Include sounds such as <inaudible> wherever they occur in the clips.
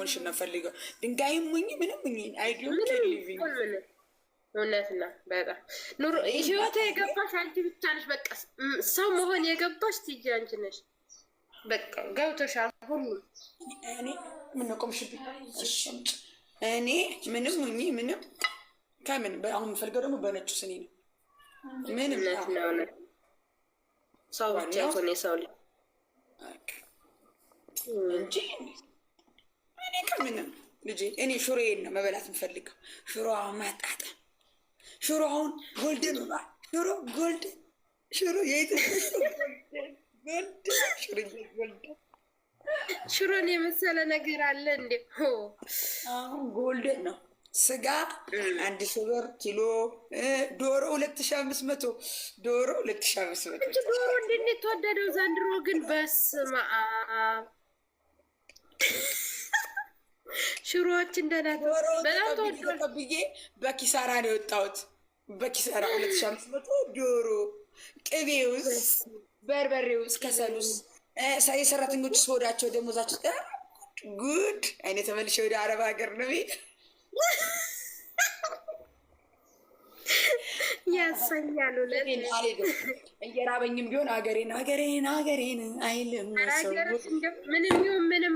መሆንሽ እንፈልገው ድንጋይም ሙኝ ምንም ሙኝ እውነት እውነትና በጣም ኑሮ ህይወት የገባሽ አንቺ ብቻ ነሽ። በቃ ሰው መሆን የገባሽ ትዬ አንቺ ነሽ። በቃ ገብቶሻል ሁሉ እኔ ምን ቆምሽብኝ? እኔ ምንም ሙኝ ምንም ከምን አሁን የምፈልገው ደግሞ በነጩ ስኒ ነው። ምንም ሰው ብቻ ሆን የሰው ልጅ እንጂ ልጄ እኔ ሽሮዬን ነው መበላት የምፈልገው። ሽሮ ማጣጣ ሽሮ አሁን ጎልደን ሆኗል። ሽሮ ጎልደን ሽሮ የት ሽሮን የመሰለ ነገር አለ እንዴ? አሁን ጎልደን ነው። ስጋ አንድ ሺህ ብር ኪሎ፣ ዶሮ ሁለት ሺህ አምስት መቶ ዶሮ ሁለት ሺህ አምስት መቶ ዶሮ እንድንትወደደው ዘንድሮ ግን በስመ አብ ሽሮዎች እንደናት በጣም ተወዷል ብዬ በኪሳራ ነው የወጣሁት። በኪሳራ ሁለት ሺህ አምስት መቶ ዶሮ ቅቤ ውስጥ ቅቤውስ፣ በርበሬውስ፣ ከሰሉስ የሰራተኞች ስወዳቸው ደሞዛቸው ጉድ። እኔ ተመልሼ ወደ አረብ ሀገር ነው። ቤት ያሰኛሉ። እየራበኝም ቢሆን ሀገሬን ሀገሬን ሀገሬን አይልም። ምንም ይሁን ምንም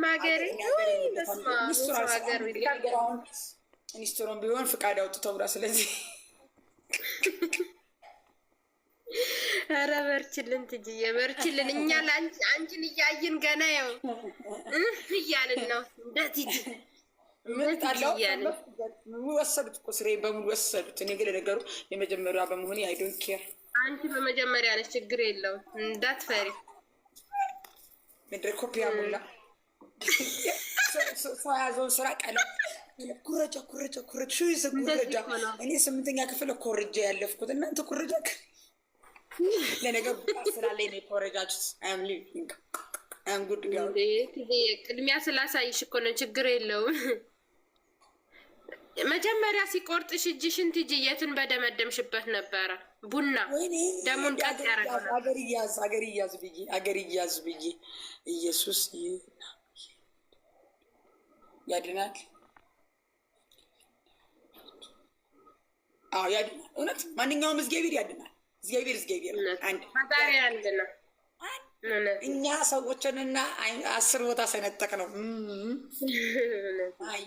ሚኒስትሩን ቢሆን ፍቃድ አውጥተው ብላ ስለዚህ ኧረ <laughs> በርችልን ትጅዬ በርችልን። እኛ አንቺን እያየን ገና ያው <laughs> እያልን ነው እንደ ወሰዱት እኮ ስሬ በሙሉ ወሰዱት። እኔ ግን ለነገሩ የመጀመሪያ ኬር። አንቺ በመጀመሪያ ነች፣ ችግር የለውም እንዳትፈሪ። ምድረ ኮፒያ ሙላ ሰው ያዘውን ስራ ኩረጃ ኩረጃ ኩረጃ ሹ ይዘ ኩረጃ። እኔ ስምንተኛ ክፍል ያለፍኩት እናንተ ኩረጃ ለነገሩ ቅድሚያ ስላሳይሽ እኮ ነው፣ ችግር የለውም። መጀመሪያ ሲቆርጥሽ እጅሽን ትጂ የትን በደመደምሽበት ነበረ። ቡና ደሙን ቀጥ ያደረገ አገር እያዝ አገር ብዬ አገር እያዝ ብዬ ኢየሱስ ያድናል። እውነት ማንኛውም እግዚአብሔር ያድናል። እግዚአብሔር እግዚአብሔር አንድ ነው። እኛ ሰዎችንና አስር ቦታ ሰነጠቅ ነው። አይ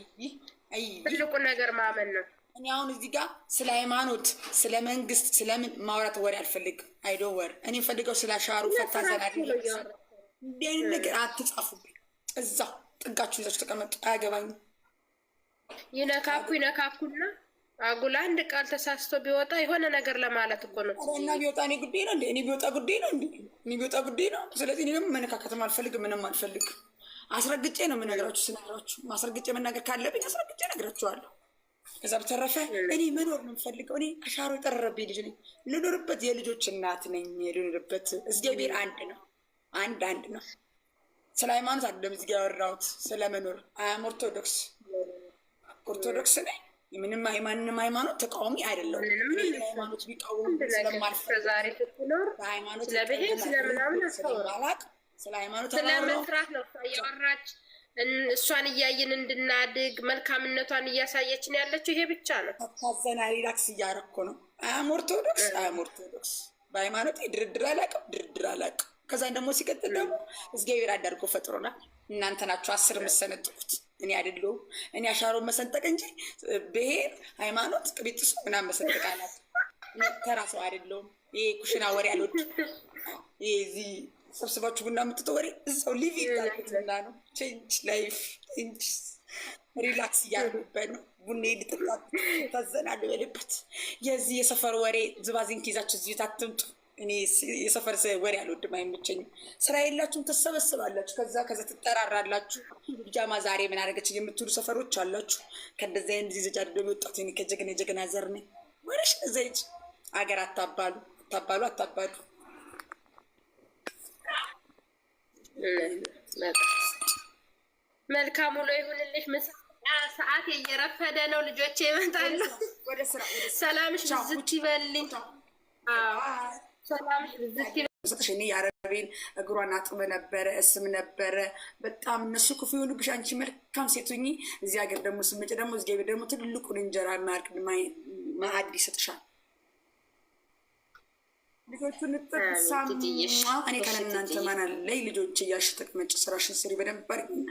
ትልቁ ነገር ማመን ነው። እኔ አሁን እዚህ ጋር ስለ ሃይማኖት፣ ስለ መንግስት፣ ስለምን ማውራት ወሬ አልፈልግም። አይዶ ወር እኔ ፈልገው ስለ ሻሩ ፈታ ዘናል እንዲህ ነገር አትጻፉብኝ። እዛ ጥጋችሁ ይዛችሁ ተቀመጡ። አያገባኝም። ይነካኩ ይነካኩና አጉል አንድ ቃል ተሳስቶ ቢወጣ የሆነ ነገር ለማለት እኮ ነው። እና ቢወጣ እኔ ጉዳይ ነው እንዴ? እኔ ቢወጣ ጉዴ ነው እንዴ? እኔ ቢወጣ ጉዴ ነው። ስለዚህ እኔ ደግሞ መነካከትም አልፈልግ ምንም አልፈልግ አስረግጬ ነው የምነግራችሁ። ስነግራችሁ ማስረግጬ መናገር ካለብኝ አስረግጬ ነግራችኋለሁ። ከዛ በተረፈ እኔ መኖር ነው የምፈልገው። እኔ አሻሮ የጠረረብኝ ልጅ ነኝ። ልኖርበት የልጆች እናት ነኝ። ልኖርበት እግዚአብሔር አንድ ነው። አንድ አንድ ነው። ስለ ሃይማኖት አይደለም እዚህ ጋር ያወራሁት ስለመኖር። አያም ኦርቶዶክስ ኦርቶዶክስ ነኝ። ምንም ማንም ሃይማኖት ተቃዋሚ አይደለሁም። ሃይማኖት ቢቃወሙ ስትኖር ሃይማኖት ስለምናምን አላውቅም ስለ ሃይማኖት ስለ መስራት ነው እያወራች እሷን እያየን እንድናድግ መልካምነቷን እያሳየች ነው ያለችው። ይሄ ብቻ ነው። ታዘና ሪላክስ እያረኩ ነው። አያም ኦርቶዶክስ አያም ኦርቶዶክስ በሃይማኖት ድርድር አላውቅም፣ ድርድር አላውቅም። ከዛን ደግሞ ሲቀጥል ደግሞ እግዚአብሔር አዳርጎ ፈጥሮናል። እናንተ ናችሁ አስር የምትሰነጥቁት እኔ አይደለሁም። እኔ አሻሮ መሰንጠቅ እንጂ ብሄር፣ ሃይማኖት፣ ቅቢጥሱ ምናምን መሰንጠቅ አላት ተራ ሰው አይደለሁም። ይሄ ኩሽና ወሬ አልወድም። ይህ ሰብስባችሁ ቡና የምትጠጡ ወሬ እዛው ሊቪ ቡና ነው። ቼንጅ ላይፍ ቼንጅ ሪላክስ እያሉበት ነው። ቡና ልጥላ ታዘናል በልበት የዚህ የሰፈር ወሬ ዝባዝን ኪዛችሁ እዚህ ታትምጡ። እኔ የሰፈር ወሬ አልወድም፣ አይመቸኝም። ስራ የላችሁም፣ ትሰበስባላችሁ፣ ከዛ ከዛ ትጠራራላችሁ። ጃማ ዛሬ ምን አደረገች የምትሉ ሰፈሮች አላችሁ። ከእንደዚህ አይነት ጊዜ ዘጃ ደሎ የወጣት ከጀግና የጀግና ዘር ነኝ ወረሽ ዘጅ አገር አታባሉ አታባሉ አታባሉ መልካም ውሎ ይሁንልሽ። ምሳ ሰዓት እየረፈደ ነው፣ ልጆች ይመጣሉ። ሰላምሽ ብዝት ይበልኝ። ሰላምሽ ብዝት ይበል። እኔ የአረቤን እግሯን አጥብ ነበረ እስም ነበረ። በጣም እነሱ ክፉ የሆኑብሽ አንቺ መልካም ሴቱኝ። እዚህ ሀገር ደግሞ ስመጭ ደግሞ እዚህ ደግሞ ትልቁን እንጀራ ማዕድ ይሰጥሻል። ልጆቹን ንጠቅሳም እኔ ከእናንተ ማን አለኝ? ልጆች እያልሽ ተቀመጭ፣ ስራሽን ስሪ በደንብ አድርጊና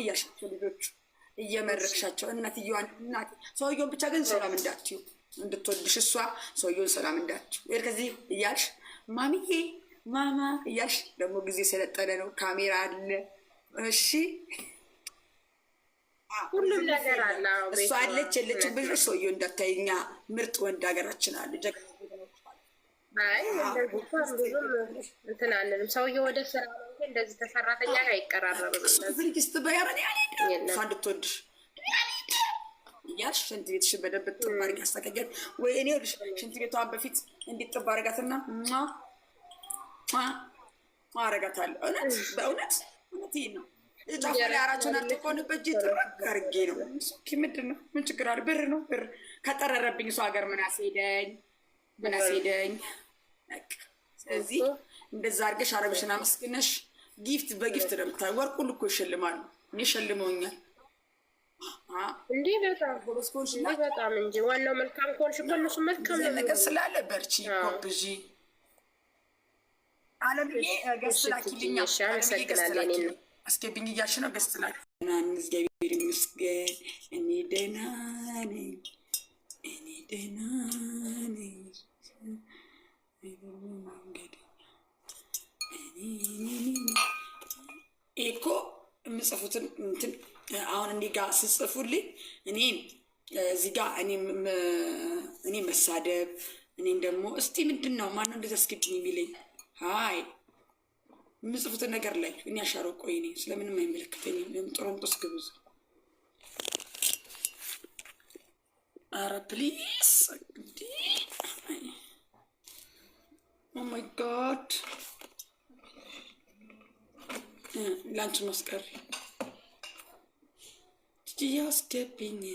እያልሻቸው ልጆቹ እየመረቅሻቸው እናትየዋን እናት ሰውየውን ብቻ ግን ሰላም እንዳትዩ እንድትወድሽ እሷ ሰውየውን ሰላም እንዳትዩ ከዚህ እያልሽ ማሚዬ ማማ እያልሽ ደግሞ ጊዜ ሰለጠነ ነው። ካሜራ አለ። እሺ ሁሉም ነገር አለ። እሷ አለች የለችም ብለሽ ሰውየው እንዳታይኛ። ምርጥ ወንድ ሀገራችን አሉ። አይ እንትን አለንም ሰውዬው ወደ ስራ እንደዚህ ተሰራተኛ አይቀራረብም። እያልሽ ሽንት በደንብ ጥብ አድርጊ አስተካከል። ወይ እኔ ልሽ ሽንት በፊት ጥብ አረጋታለሁ። እውነት በእውነት እውነት ነው ጫፍ ላይ አራቸውን ነው። ምንድን ነው ምን ችግር አለ? ብር ነው ብር ከጠረረብኝ ሀገር ምን አስሄደኝ ምን አስሄደኝ ስለዚህ እንደዛ አድርገሽ አረብሽን አመስግነሽ ጊፍት በጊፍት ነው የምታየው። ወርቁን እኮ ይሸልማሉ። እኔ ሸልመውኛል። እንዲህ በጣም በጣም እንጂ ዋናው መልካም ከሆንሽ እኮ መልካም ነገር ስላለ በርቺ፣ ኮብዢ አለምዬ ገስት ላኪልኛ እግዚአብሔር ይመስገን። እኔ ደህና ነኝ፣ እኔ ደህና ነኝ። የሚገርም መንገድ እኮ የምጽፉትን እንትን አሁን እንዲህ ጋር ስጽፉልኝ እኔን እዚህ ጋር እኔ መሳደብ እኔን ደግሞ እስቲ ምንድን ነው ማነው እንደዚያ አስገድኝ የሚለኝ? ሀይ የምጽፉትን ነገር ላይ እኔ አሻሮ ቆይ እኔ ስለምንም አይመለከተኝም። ም ጥሩምጦስ አረ ፕሊስ እንዲህ Oh my god. Eh, Lunch must carry. Did you just step